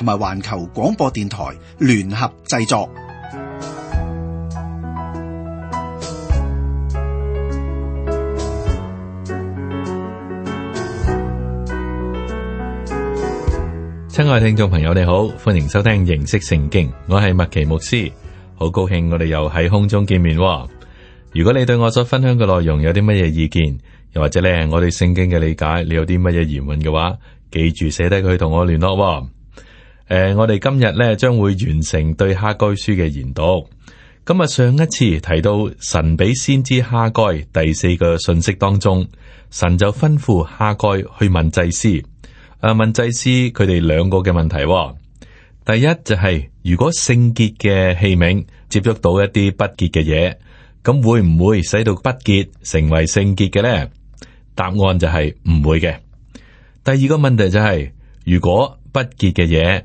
同埋環球廣播電台聯合製作。親愛聽眾朋友，你好，歡迎收聽認識聖經。我係麥奇牧師，好高興我哋又喺空中見面，哦。如果你對我所分享嘅內容有啲乜嘢意見，又或者咧我對聖經嘅理解，你有啲乜嘢疑問嘅話，記住寫低佢同我聯絡，哦。誒，我哋今日咧將會完成對哈該書嘅研讀。咁啊，上一次提到神俾先知哈該第四個信息當中，神就吩咐哈該去問祭司，誒、啊，問祭司佢哋兩個嘅問題。第一就係、是、如果聖潔嘅器皿接觸到一啲不潔嘅嘢，咁會唔會使到不潔成為聖潔嘅呢？答案就係唔會嘅。第二個問題就係、是、如果不潔嘅嘢。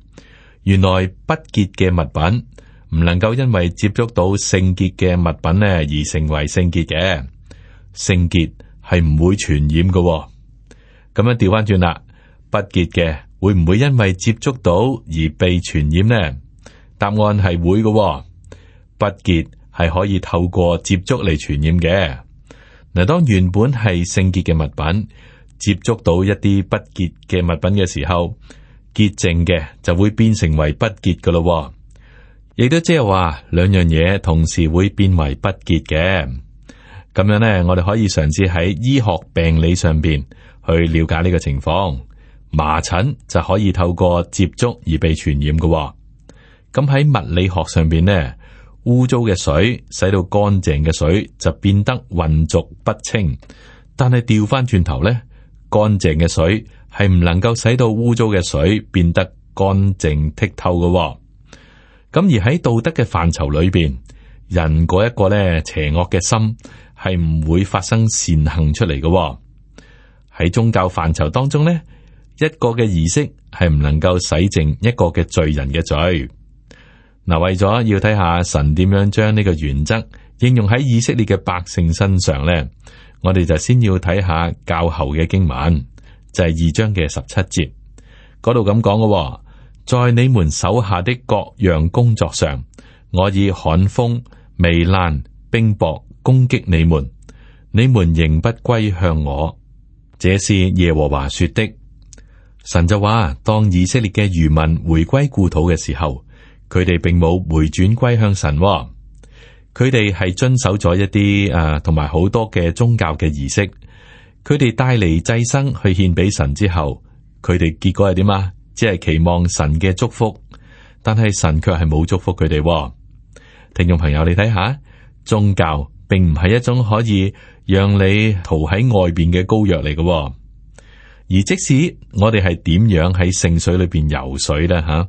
原來不潔嘅物品唔能夠因為接觸到聖潔嘅物品咧，而成為聖潔嘅。聖潔係唔會傳染嘅。咁樣調翻轉啦，不潔嘅會唔會因為接觸到而被傳染呢？答案係會嘅，不潔係可以透過接觸嚟傳染嘅。嗱，當原本係聖潔嘅物品接觸到一啲不潔嘅物品嘅時候。潔淨嘅就會變成為不潔噶咯，亦都即係話兩樣嘢同時會變為不潔嘅。咁樣咧，我哋可以嘗試喺醫學病理上邊去了解呢個情況。麻疹就可以透過接觸而被傳染噶喎。咁喺物理學上邊咧，污糟嘅水使到乾淨嘅水就變得渾濁不清，但係掉翻轉頭咧，乾淨嘅水。係唔能夠使到污糟嘅水變得乾淨剔透嘅喎。咁而喺道德嘅範疇裏邊，人嗰一個咧，邪惡嘅心係唔會發生善行出嚟嘅喎。喺宗教範疇當中呢一個嘅儀式係唔能夠洗淨一個嘅罪人嘅罪。嗱，啊，為咗要睇下神點樣將呢個原則應用喺以色列嘅百姓身上咧，我哋就先要睇下教後嘅經文。就係二章嘅十七節嗰度咁講嘅喎，在你們手下的各樣工作上，我以旱風、黴爛、冰雹攻擊你們，你們仍不歸向我。這是耶和華說的。神就話：當以色列嘅餘民回歸故土嘅時候，佢哋並冇回轉歸向神，佢哋係遵守咗一啲誒，同埋好多嘅宗教嘅儀式。佢哋帶嚟祭牲去獻俾神之後，佢哋結果係點啊？只係期望神嘅祝福，但係神卻係冇祝福佢哋，哦。聽眾朋友，你睇下，宗教並唔係一種可以讓你逃喺外邊嘅膏藥嚟嘅。而即使我哋係點樣喺聖水裏邊游水咧，吓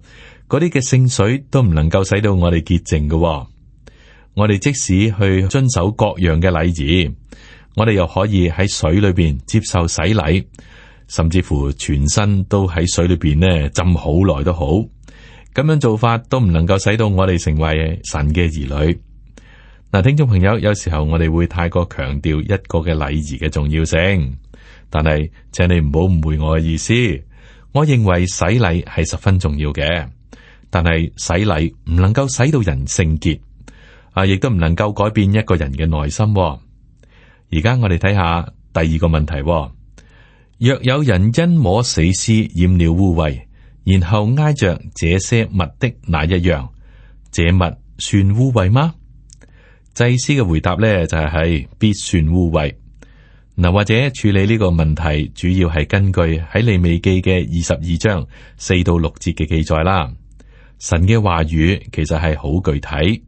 嗰啲嘅聖水都唔能夠使到我哋潔淨嘅。我哋即使去遵守各樣嘅禮儀。我哋又可以喺水裏邊接受洗禮，甚至乎全身都喺水裏邊呢浸好耐都好。咁樣做法都唔能夠使到我哋成為神嘅兒女。嗱，聽眾朋友，有時候我哋會太過強調一個嘅禮儀嘅重要性，但係請你唔好誤會我嘅意思。我認為洗禮係十分重要嘅，但係洗禮唔能夠洗到人聖潔，啊，亦都唔能夠改變一個人嘅內心。而家我哋睇下第二個問題：若有人因摸死屍染了污穢，然後挨着這些物的那一樣，這物算污穢嗎？祭司嘅回答咧就係、係、必算污穢。嗱，或者處理呢個問題主要係根據喺利未記嘅二十二章四到六節嘅記載啦。神嘅話語其實係好具體，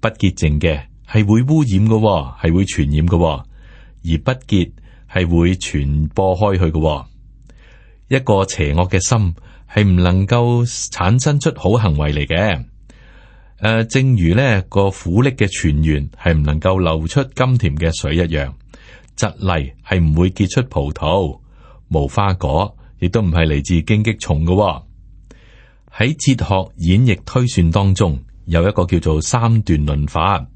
不潔淨嘅係會污染嘅，係會傳染嘅。而不結係會傳播開去嘅、哦，一個邪惡嘅心係唔能夠產生出好行為嚟嘅。誒、呃，正如呢個苦力嘅泉源係唔能夠流出甘甜嘅水一樣，窒泥係唔會結出葡萄、無花果，亦都唔係嚟自荊棘叢嘅。喺哲學演繹推算當中，有一個叫做三段論法。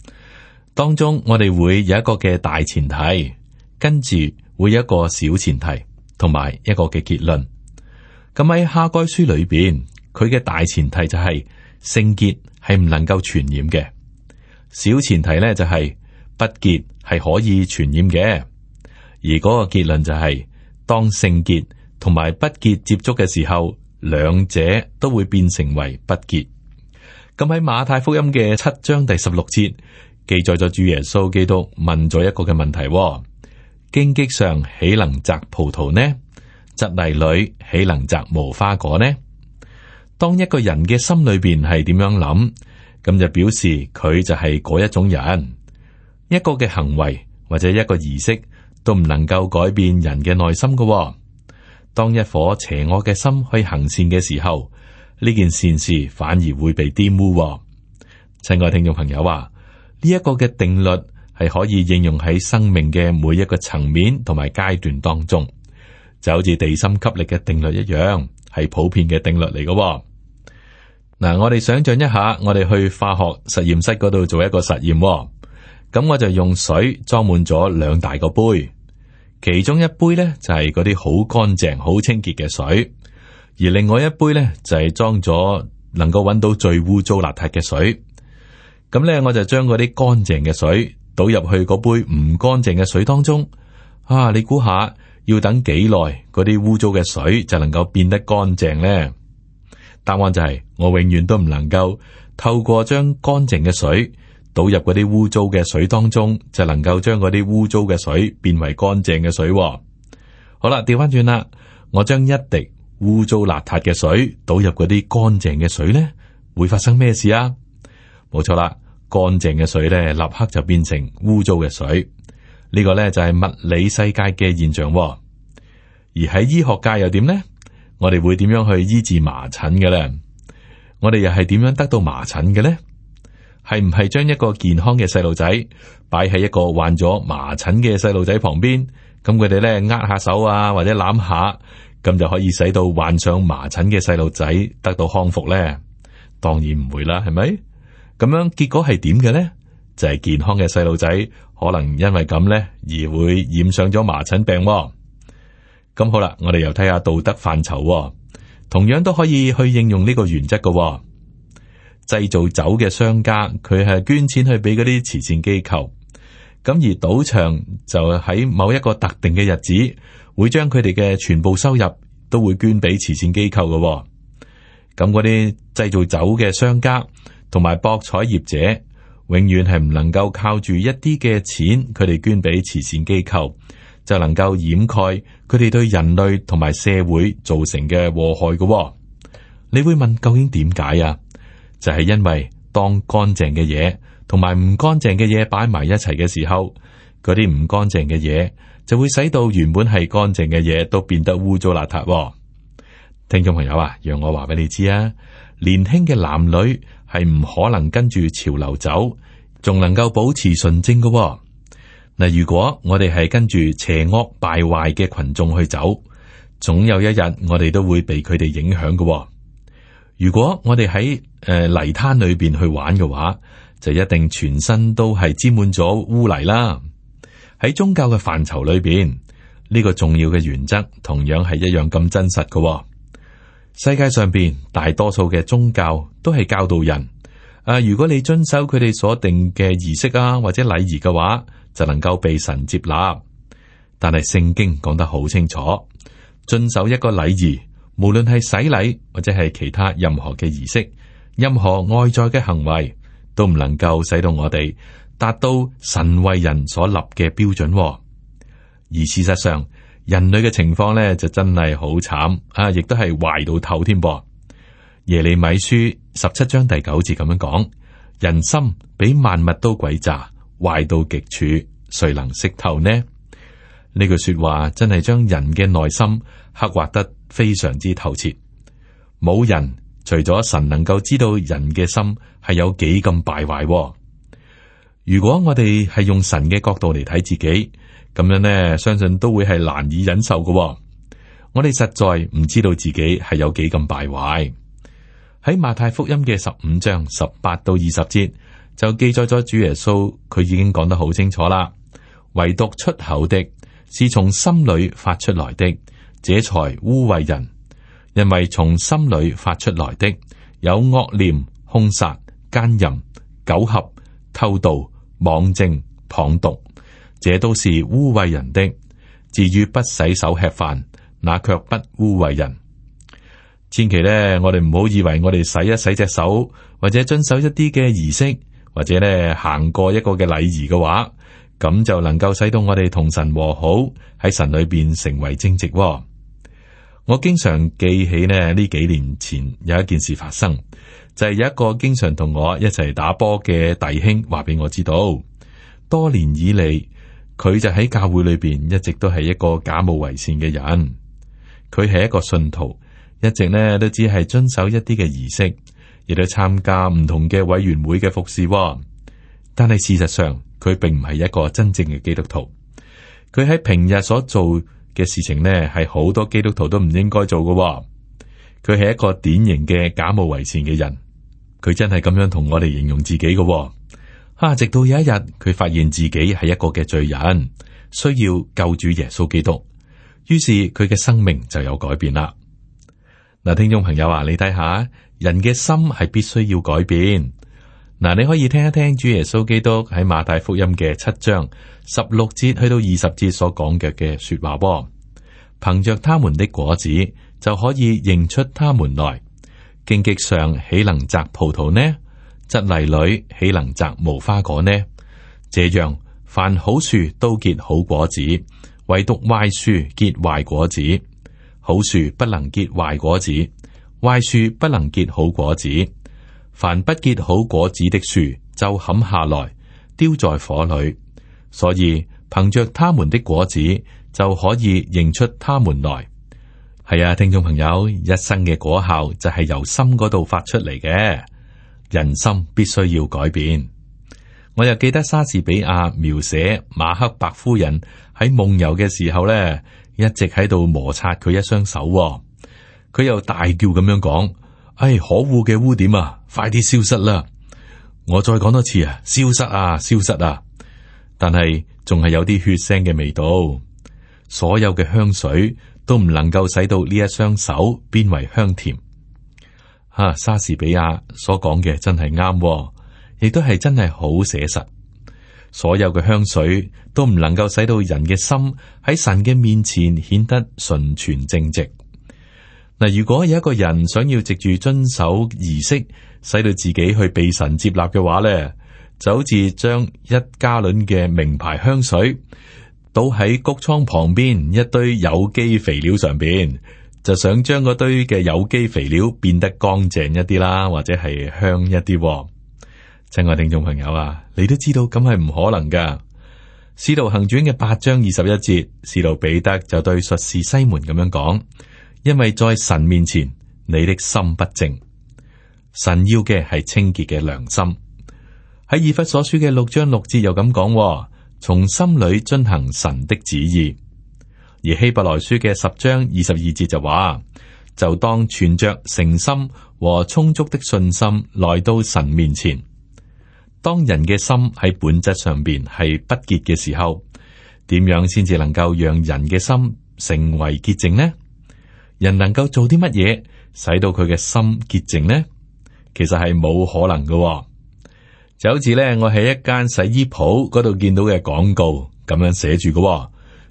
當中我哋會有一個嘅大前提，跟住會有一個小前提，同埋一個嘅結論。咁喺哈該書裏邊，佢嘅大前提就係、是、聖潔係唔能夠傳染嘅，小前提呢、就是，就係不潔係可以傳染嘅，而嗰個結論就係、是、當聖潔同埋不潔接觸嘅時候，兩者都會變成為不潔。咁喺馬太福音嘅七章第十六節。記載咗主耶穌基督問咗一個嘅問題：荊棘上豈能摘葡萄呢？蒺藜裏豈能摘無花果呢？當一個人嘅心裏邊係點樣諗，咁就表示佢就係嗰一種人。一個嘅行為或者一個儀式都唔能夠改變人嘅內心噶。當一顆邪惡嘅心去行善嘅時候，呢件善事反而會被玷污。親愛聽眾朋友啊！呢一個嘅定律，係可以應用喺生命嘅每一個層面同埋階段當中，就好似地心吸力嘅定律一樣，係普遍嘅定律嚟嘅，哦。嗱、嗯，我哋想象一下，我哋去化學實驗室嗰度做一個實驗，哦，咁我就用水裝滿咗兩大個杯，其中一杯呢就係嗰啲好乾淨、好清潔嘅水，而另外一杯呢就係、是、裝咗能夠揾到最污糟邋遢嘅水。咁咧，我就將嗰啲乾淨嘅水倒入去嗰杯唔乾淨嘅水當中。啊，你估下要等幾耐，嗰啲污糟嘅水就能夠變得乾淨咧？答案就係、是、我永遠都唔能夠透過將乾淨嘅水倒入嗰啲污糟嘅水當中，就能夠將嗰啲污糟嘅水變為乾淨嘅水、哦。好啦，調翻轉啦，我將一滴污糟邋遢嘅水倒入嗰啲乾淨嘅水咧，會發生咩事啊？冇錯啦，乾淨嘅水咧，立刻就變成污糟嘅水。呢個咧就係物理世界嘅現象。而喺醫學界又點呢？我哋會點樣去醫治麻疹嘅咧？我哋又係點樣得到麻疹嘅咧？係唔係將一個健康嘅細路仔擺喺一個患咗麻疹嘅細路仔旁邊，咁佢哋咧握下手啊，或者攬下，咁就可以使到患上麻疹嘅細路仔得到康復咧？當然唔會啦，係咪？咁樣結果係點嘅咧？就係、是、健康嘅細路仔可能因為咁咧而會染上咗麻疹病、喎。咁、嗯、好啦，我哋又睇下道德範疇、喎，同樣都可以去應用呢個原則嘅、喎。製造酒嘅商家，佢係捐錢去俾嗰啲慈善機構。咁、嗯、而賭場就喺某一個特定嘅日子，會將佢哋嘅全部收入都會捐俾慈善機構嘅、喎。咁嗰啲製造酒嘅商家。同埋博彩業者，永遠係唔能夠靠住一啲嘅錢，佢哋捐俾慈善機構，就能夠掩蓋佢哋對人類同埋社會造成嘅禍害嘅、哦。你會問究竟點解啊？就係、是、因為當乾淨嘅嘢，同埋唔乾淨嘅嘢擺埋一齊嘅時候，嗰啲唔乾淨嘅嘢就會使到原本係乾淨嘅嘢都變得污糟邋遢。聽眾朋友啊，讓我話俾你知啊！年輕嘅男女係唔可能跟住潮流走，仲能夠保持純正嘅。嗱，如果我哋係跟住邪惡敗壞嘅群眾去走，總有一日我哋都會被佢哋影響嘅、哦。如果我哋喺誒泥灘裏邊去玩嘅話，就一定全身都係沾滿咗污泥啦。喺宗教嘅範疇裡邊，呢個重要嘅原則同樣係一樣咁真實嘅、哦。世界上邊大多數嘅宗教都係教導人，誒、啊，如果你遵守佢哋所定嘅儀式啊或者禮儀嘅話，就能夠被神接納。但係聖經講得好清楚，遵守一個禮儀，無論係洗禮或者係其他任何嘅儀式，任何外在嘅行為都唔能夠使到我哋達到神為人所立嘅標準、啊。而事實上，人類嘅情況咧，就真係好慘啊！亦都係壞到透添噃。耶利米書十七章第九節咁樣講：人心比萬物都詭詐，壞到極處，誰能識透呢？呢句說話真係將人嘅內心刻畫得非常之透徹。冇人除咗神能夠知道人嘅心係有幾咁敗壞。如果我哋係用神嘅角度嚟睇自己。咁樣呢，相信都會係難以忍受嘅、哦。我哋實在唔知道自己係有幾咁敗壞。喺馬太福音嘅十五章十八到二十節就記載咗主耶穌，佢已經講得好清楚啦。唯獨出口的，是從心裏發出來的，這才污穢人，因為從心裏發出來的有惡念、兇殺、姦淫、苟合、偷盜、妄證、謗讟。這都是污穢人的，至於不洗手吃飯，那卻不污穢人。千祈呢，我哋唔好以為我哋洗一洗一隻手，或者遵守一啲嘅儀式，或者呢，行過一個嘅禮儀嘅話，咁就能夠使到我哋同神和好，喺神裏邊成為正直、哦。我經常記起咧，呢幾年前有一件事發生，就係、是、有一個經常同我一齊打波嘅弟兄話俾我知道，多年以嚟。佢就喺教會裏邊一直都係一個假冒偽善嘅人，佢係一個信徒，一直咧都只係遵守一啲嘅儀式，亦都參加唔同嘅委員會嘅服侍、哦。但係事實上，佢並唔係一個真正嘅基督徒。佢喺平日所做嘅事情咧，係好多基督徒都唔應該做嘅、哦。佢係一個典型嘅假冒偽善嘅人，佢真係咁樣同我哋形容自己嘅、哦。啊！直到有一日，佢發現自己係一個嘅罪人，需要救主耶穌基督，於是佢嘅生命就有改變啦。嗱，聽眾朋友啊，你睇下，人嘅心係必須要改變。嗱，你可以聽一聽主耶穌基督喺馬太福音嘅七章十六節去到二十節所講嘅嘅說話噃，憑着他們的果子就可以認出他們來。荊棘上豈能摘葡萄呢？蒺藜裡豈能摘無花果呢？這樣，凡好樹都結好果子，唯獨壞樹結壞果子。好樹不能結壞果子，壞樹不能結好果子。凡不結好果子的樹，就砍下來，丟在火裏。所以，憑着他們的果子，就可以認出他們來。係啊，聽眾朋友，一生嘅果效就係由心嗰度發出嚟嘅。人心必須要改變。我又記得莎士比亞描寫馬克白夫人喺夢遊嘅時候咧，一直喺度摩擦佢一雙手哦。佢又大叫咁樣講：「唉、哎，可惡嘅污點啊，快啲消失啦！我再講多次啊，消失啊，消失啊！但係仲係有啲血腥嘅味道。所有嘅香水都唔能夠使到呢一雙手變為香甜。啊，莎士比亞所講嘅真係啱喎，亦都係真係好寫實。所有嘅香水都唔能夠使到人嘅心喺神嘅面前顯得純全正直。嗱，如果有一個人想要藉住遵守儀式，使到自己去被神接納嘅話咧，就好似將一加侖嘅名牌香水倒喺穀倉旁邊一堆有機肥料上邊。就想將嗰堆嘅有機肥料變得乾淨一啲啦，或者係香一啲喎。親愛聽眾朋友啊，你都知道咁係唔可能噶。使徒行傳嘅八章二十一節，使徒彼得就對術士西門咁樣講：因為在神面前你的心不正，神要嘅係清潔嘅良心。喺以弗所書嘅六章六節又咁講：從心裏遵行神的旨意。而希伯來書嘅十章二十二節就話：就當存着誠心和充足的信心來到神面前。當人嘅心喺本質上面係不潔嘅時候，點樣先至能夠讓人嘅心成為潔淨呢？人能夠做啲乜嘢使到佢嘅心潔淨呢？其實係冇可能嘅喎。就好似咧，我喺一間洗衣鋪嗰度見到嘅廣告咁樣寫住嘅。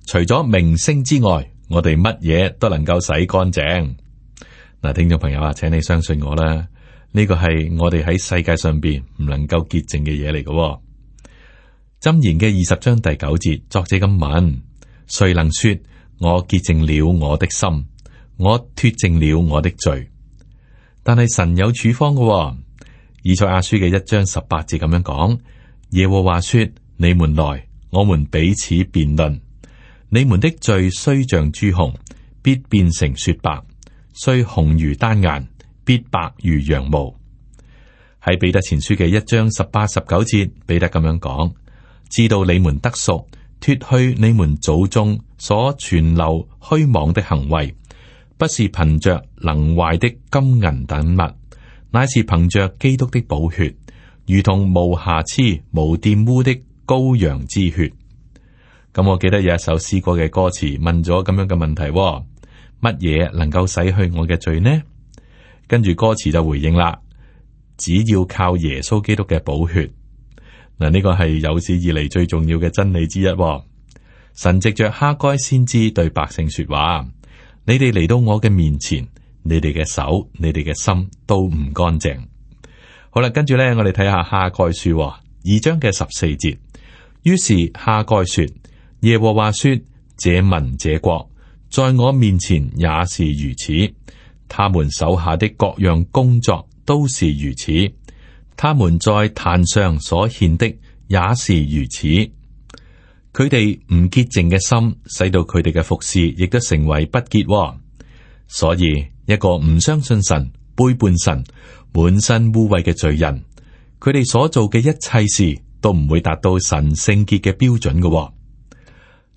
除咗明星之外，我哋乜嘢都能夠洗乾淨。嗱，聽眾朋友啊，請你相信我啦，呢個係我哋喺世界上邊唔能夠潔淨嘅嘢嚟嘅。《箴言》嘅二十章第九節，作者咁問：誰能說我潔淨了我的心？我脱淨了我的罪？但係神有處方噶喎。以賽亞書嘅一章十八節咁樣講：耶和華說，你們來，我們彼此辯論。你們的罪雖像朱紅，必變成雪白；雖紅如丹顏，必白如羊毛。喺彼得前書嘅一章十八十九節，彼得咁樣講：知道你們得贖脱去你們祖宗所傳流虛妄的行為，不是憑着能壞的金銀等物，乃是憑着基督的寶血，如同無瑕疵、無玷污的羔羊之血。咁、嗯、我記得有一首詩歌嘅歌詞，問咗咁樣嘅問題、哦：乜嘢能夠洗去我嘅罪呢？跟住歌詞就回應啦，只要靠耶穌基督嘅寶血。嗱，呢個係有史以嚟最重要嘅真理之一、哦。神藉着哈該先知對百姓說話，你哋嚟到我嘅面前，你哋嘅手、你哋嘅心都唔乾淨。好啦，跟住咧，我哋睇下哈該書二章嘅十四節。於是哈該說。耶和華說：這民這國在我面前也是如此，他們手下的各樣工作都是如此，他們在壇上所獻的也是如此。佢哋唔潔淨嘅心，使到佢哋嘅服侍亦都成為不潔。所以一個唔相信神、背叛神、滿身污穢嘅罪人，佢哋所做嘅一切事都唔會達到神聖潔嘅標準嘅。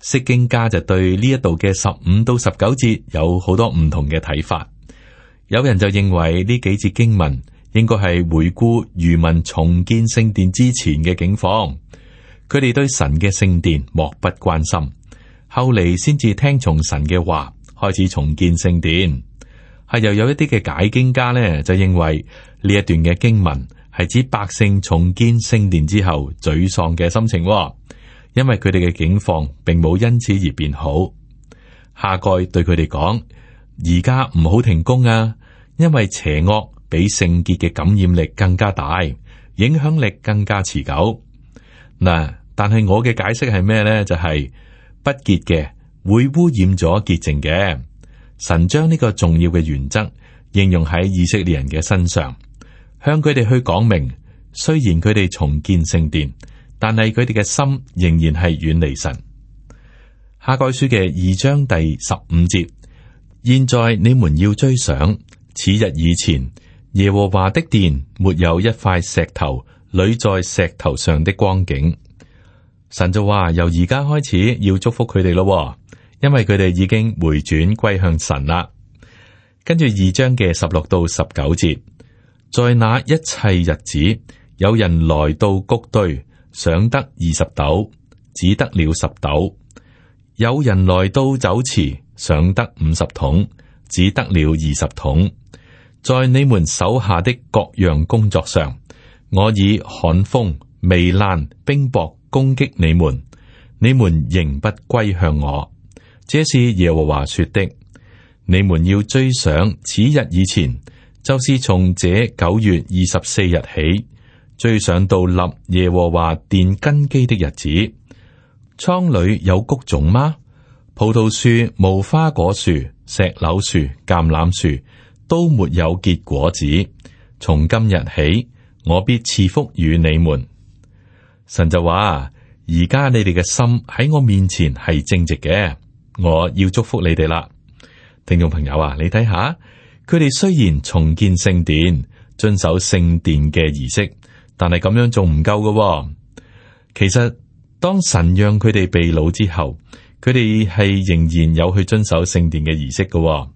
釋經家就對呢一度嘅十五到十九節有好多唔同嘅睇法。有人就認為呢幾節經文應該係回顧餘民重建聖殿之前嘅境況，佢哋對神嘅聖殿漠不關心，後嚟先至聽從神嘅話，開始重建聖殿。係又有一啲嘅解經家呢，就認為呢一段嘅經文係指百姓重建聖殿之後沮喪嘅心情。因為佢哋嘅境況並冇因此而變好，哈該對佢哋講：而家唔好停工啊！因為邪惡比聖潔嘅感染力更加大，影響力更加持久。嗱，但係我嘅解釋係咩呢？就係、是、不潔嘅會污染咗潔淨嘅。神將呢個重要嘅原則應用喺以色列人嘅身上，向佢哋去講明：雖然佢哋重建聖殿。但係佢哋嘅心仍然係遠離神。哈該書嘅二章第十五節現在你們要追想此日以前，耶和華的殿沒有一塊石頭壘在石頭上的光景。神就話由而家開始要祝福佢哋咯，因為佢哋已經回轉歸向神啦。跟住二章嘅十六到十九節，在那一切日子，有人來到谷堆，想得二十斗，只得了十斗；有人來到酒池，想得五十桶，只得了二十桶。在你們手下的各樣工作上，我以旱風、霉爛、冰雹攻擊你們，你們仍不歸向我。這是耶和華說的。你們要追想此日以前，就是從這九月二十四日起。追想到立耶和華殿根基的日子，倉裏有谷種嗎？葡萄樹、無花果樹、石榴樹、橄欖樹都沒有結果子。從今日起，我必賜福與你們。神就話：而家你哋嘅心喺我面前係正直嘅，我要祝福你哋啦。聽眾朋友啊，你睇下，佢哋雖然重建聖殿，遵守聖殿嘅儀式。但係咁樣仲唔夠噶？其實當神讓佢哋被擄之後，佢哋係仍然有去遵守聖殿嘅儀式噶、哦。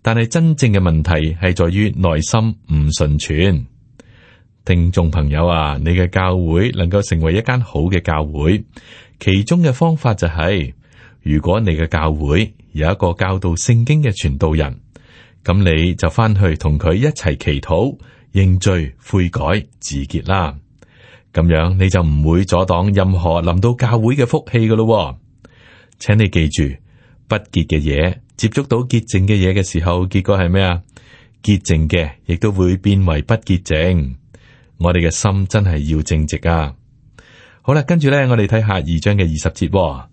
但係真正嘅問題係在於內心唔順存。聽眾朋友啊，你嘅教會能夠成為一間好嘅教會，其中嘅方法就係、是，如果你嘅教會有一個教導聖經嘅傳道人，咁你就返去同佢一齊祈禱。認罪悔改自潔啦，咁樣你就唔會阻擋任何臨到教會嘅福氣噶咯。請你記住，不潔嘅嘢接觸到潔淨嘅嘢嘅時候，結果係咩啊？潔淨嘅亦都會變為不潔淨。我哋嘅心真係要正直啊！好啦，跟住咧，我哋睇下二章嘅二十節。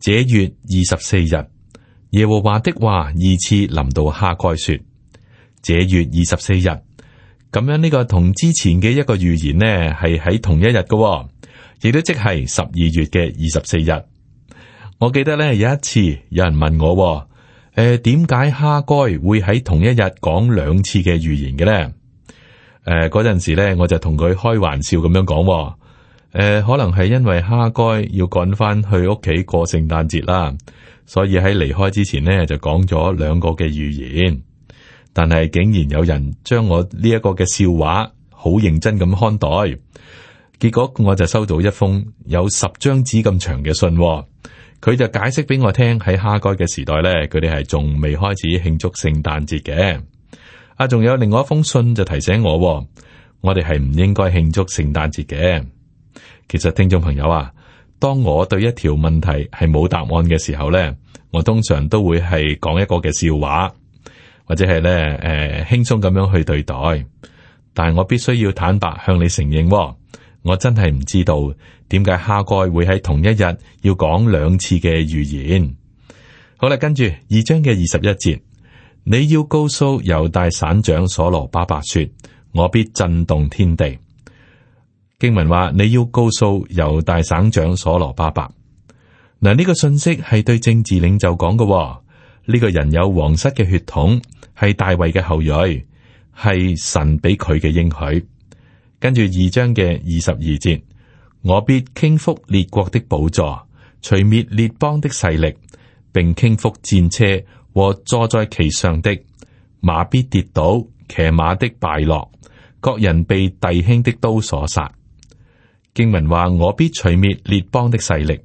這月二十四日，耶和華的話二次臨到哈蓋說：這月二十四日。咁樣呢個同之前嘅一個預言呢，係喺同一日嘅、哦，亦都即係十二月嘅二十四日。我記得呢有一次有人問我、哦，誒點解哈該會喺同一日講兩次嘅預言嘅呢？誒嗰陣時呢，我就同佢開玩笑咁樣講、哦，誒、呃、可能係因為哈該要趕翻去屋企過聖誕節啦，所以喺離開之前呢，就講咗兩個嘅預言。但係竟然有人將我呢一個嘅笑話好認真咁看待，結果我就收到一封有十張紙咁長嘅信喎，佢就解釋俾我聽喺哈該嘅時代呢，佢哋係仲未開始慶祝聖誕節嘅。啊，仲有另外一封信就提醒我喎，我哋係唔應該慶祝聖誕節嘅。其實聽眾朋友啊，當我對一條問題係冇答案嘅時候呢，我通常都會係講一個嘅笑話。或者係咧，誒、呃，輕鬆咁樣去對待，但係我必須要坦白向你承認、哦，我真係唔知道點解哈蓋會喺同一日要講兩次嘅預言。好啦，跟住二章嘅二十一節，你要告訴猶大省長所羅巴伯」。說，我必震動天地。經文話你要告訴猶大省長所羅巴伯。嗱呢個信息係對政治領袖講嘅、哦。呢個人有皇室嘅血統，係大衛嘅後裔，係神俾佢嘅應許。跟住二章嘅二十二節，我必傾覆列國的寶座，除滅列邦的勢力，並傾覆戰車和坐在其上的馬，必跌倒，騎馬的敗落，各人被弟兄的刀所殺。經文話：我必除滅列邦的勢力。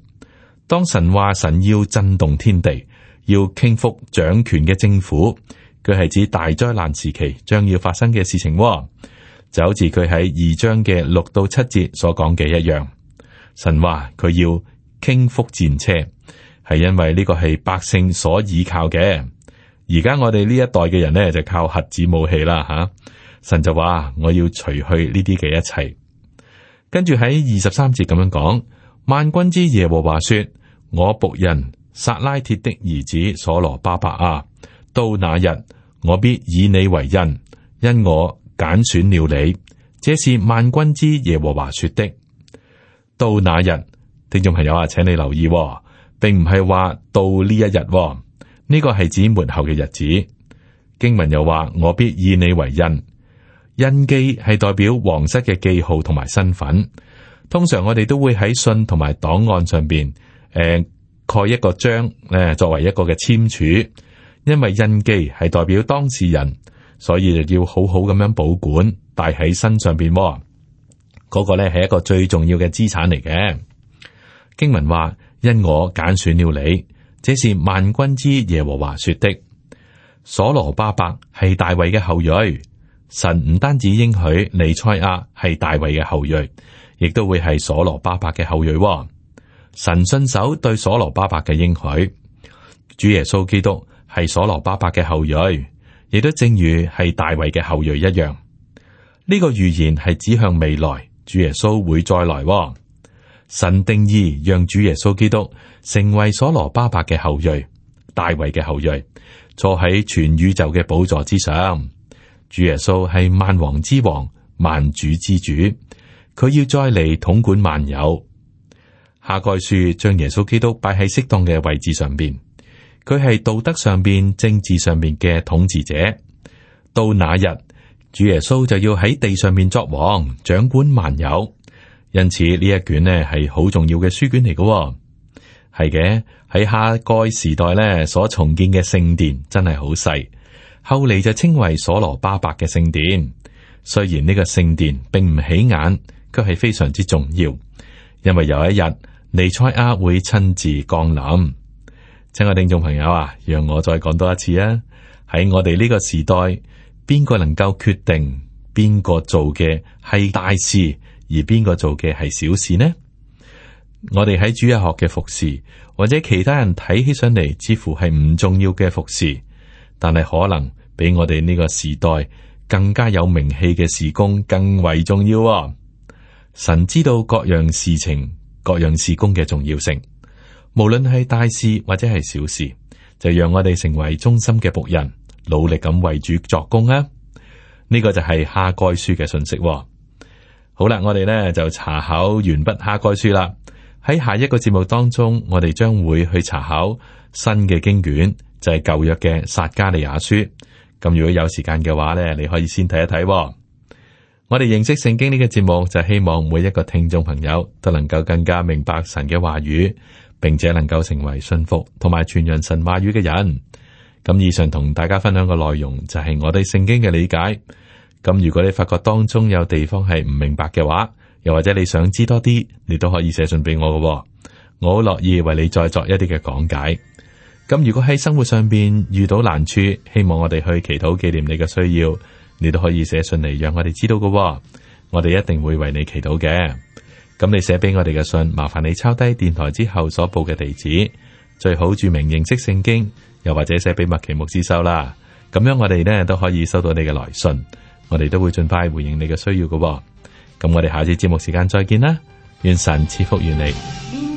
當神話神要震動天地。要傾覆掌權嘅政府，佢係指大災難時期將要發生嘅事情喎，就好似佢喺二章嘅六到七節所講嘅一樣。神話佢要傾覆戰車，係因為呢個係百姓所倚靠嘅。而家我哋呢一代嘅人呢，就靠核子武器啦吓，神就話我要除去呢啲嘅一切。跟住喺二十三節咁樣講，萬軍之耶和華說：我僕人。撒拉鐵的兒子所羅巴伯啊，到那日我必以你為印，因我揀選了你。這是萬軍之耶和華說的。到那日，聽眾朋友啊，請你留意、哦，並唔係話到呢一日呢個係指末後嘅日子。經文又話我必以你為印，印記係代表皇室嘅記號同埋身份。通常我哋都會喺信同埋檔案上邊誒。欸蓋一個章，誒，作為一個嘅簽署，因為印記係代表當事人，所以要好好咁樣保管，帶喺身上邊。嗰、那個咧係一個最重要嘅資產嚟嘅。經文話：因我揀選了你，這是萬軍之耶和華說的。所羅巴伯係大衛嘅後裔，神唔單止應許彌賽亞係大衛嘅後裔，亦都會係所羅巴伯嘅後裔。神信守對所羅巴伯嘅應許，主耶穌基督係所羅巴伯嘅後裔，亦都正如係大衛嘅後裔一樣。呢個預言係指向未來，主耶穌會再來喎。神定義讓主耶穌基督成為所羅巴伯嘅後裔、大衛嘅後裔，坐喺全宇宙嘅寶座之上。主耶穌係萬王之王、萬主之主，佢要再嚟統管萬有。哈該書將耶穌基督擺喺適當嘅位置上邊，佢係道德上邊、政治上邊嘅統治者。到那日，主耶穌就要喺地上面作王，掌管萬有。因此呢一卷呢係好重要嘅書卷嚟嘅。係嘅，喺哈該時代呢所重建嘅聖殿真係好細，後嚟就稱為所羅巴伯嘅聖殿。雖然呢個聖殿並唔起眼，卻係非常之重要，因為有一日。尼賽厄會親自降臨，親愛聽眾朋友啊，讓我再講多一次啊！喺我哋呢個時代，邊個能夠決定邊個做嘅係大事，而邊個做嘅係小事呢？嗯、我哋喺主日學嘅服侍，或者其他人睇起上嚟似乎係唔重要嘅服侍，但係可能比我哋呢個時代更加有名氣嘅事工更為重要啊！神知道各樣事情。各樣事工嘅重要性，無論係大事或者係小事，就讓我哋成為忠心嘅僕人，努力咁為主作工啊！呢個就係哈該書嘅信息。好啦，我哋咧就查考完畢哈該書啦。喺下一個節目當中，我哋將會去查考新嘅經卷，就係、是、舊約嘅撒迦利亞書。咁如果有時間嘅話咧，你可以先睇一睇。我哋認識聖經呢個節目就希望每一個聽眾朋友都能夠更加明白神嘅話語，並且能夠成為信服同埋傳人神話語嘅人。咁以上同大家分享嘅內容就係我對聖經嘅理解。咁如果你發覺當中有地方係唔明白嘅話，又或者你想知多啲，你都可以寫信俾我嘅。我好樂意為你再作一啲嘅講解。咁如果喺生活上邊遇到難處，希望我哋去祈禱紀念你嘅需要。你都可以寫信嚟，讓我哋知道噶哦，我哋一定會為你祈禱嘅。咁你寫俾我哋嘅信，麻煩你抄低電台之後所報嘅地址，最好注明認識聖經，又或者寫俾麥奇牧師收啦。咁樣我哋呢都可以收到你嘅來信，我哋都會盡快回應你嘅需要噶哦。咁我哋下次節目時間再見啦，願神賜福與你。嗯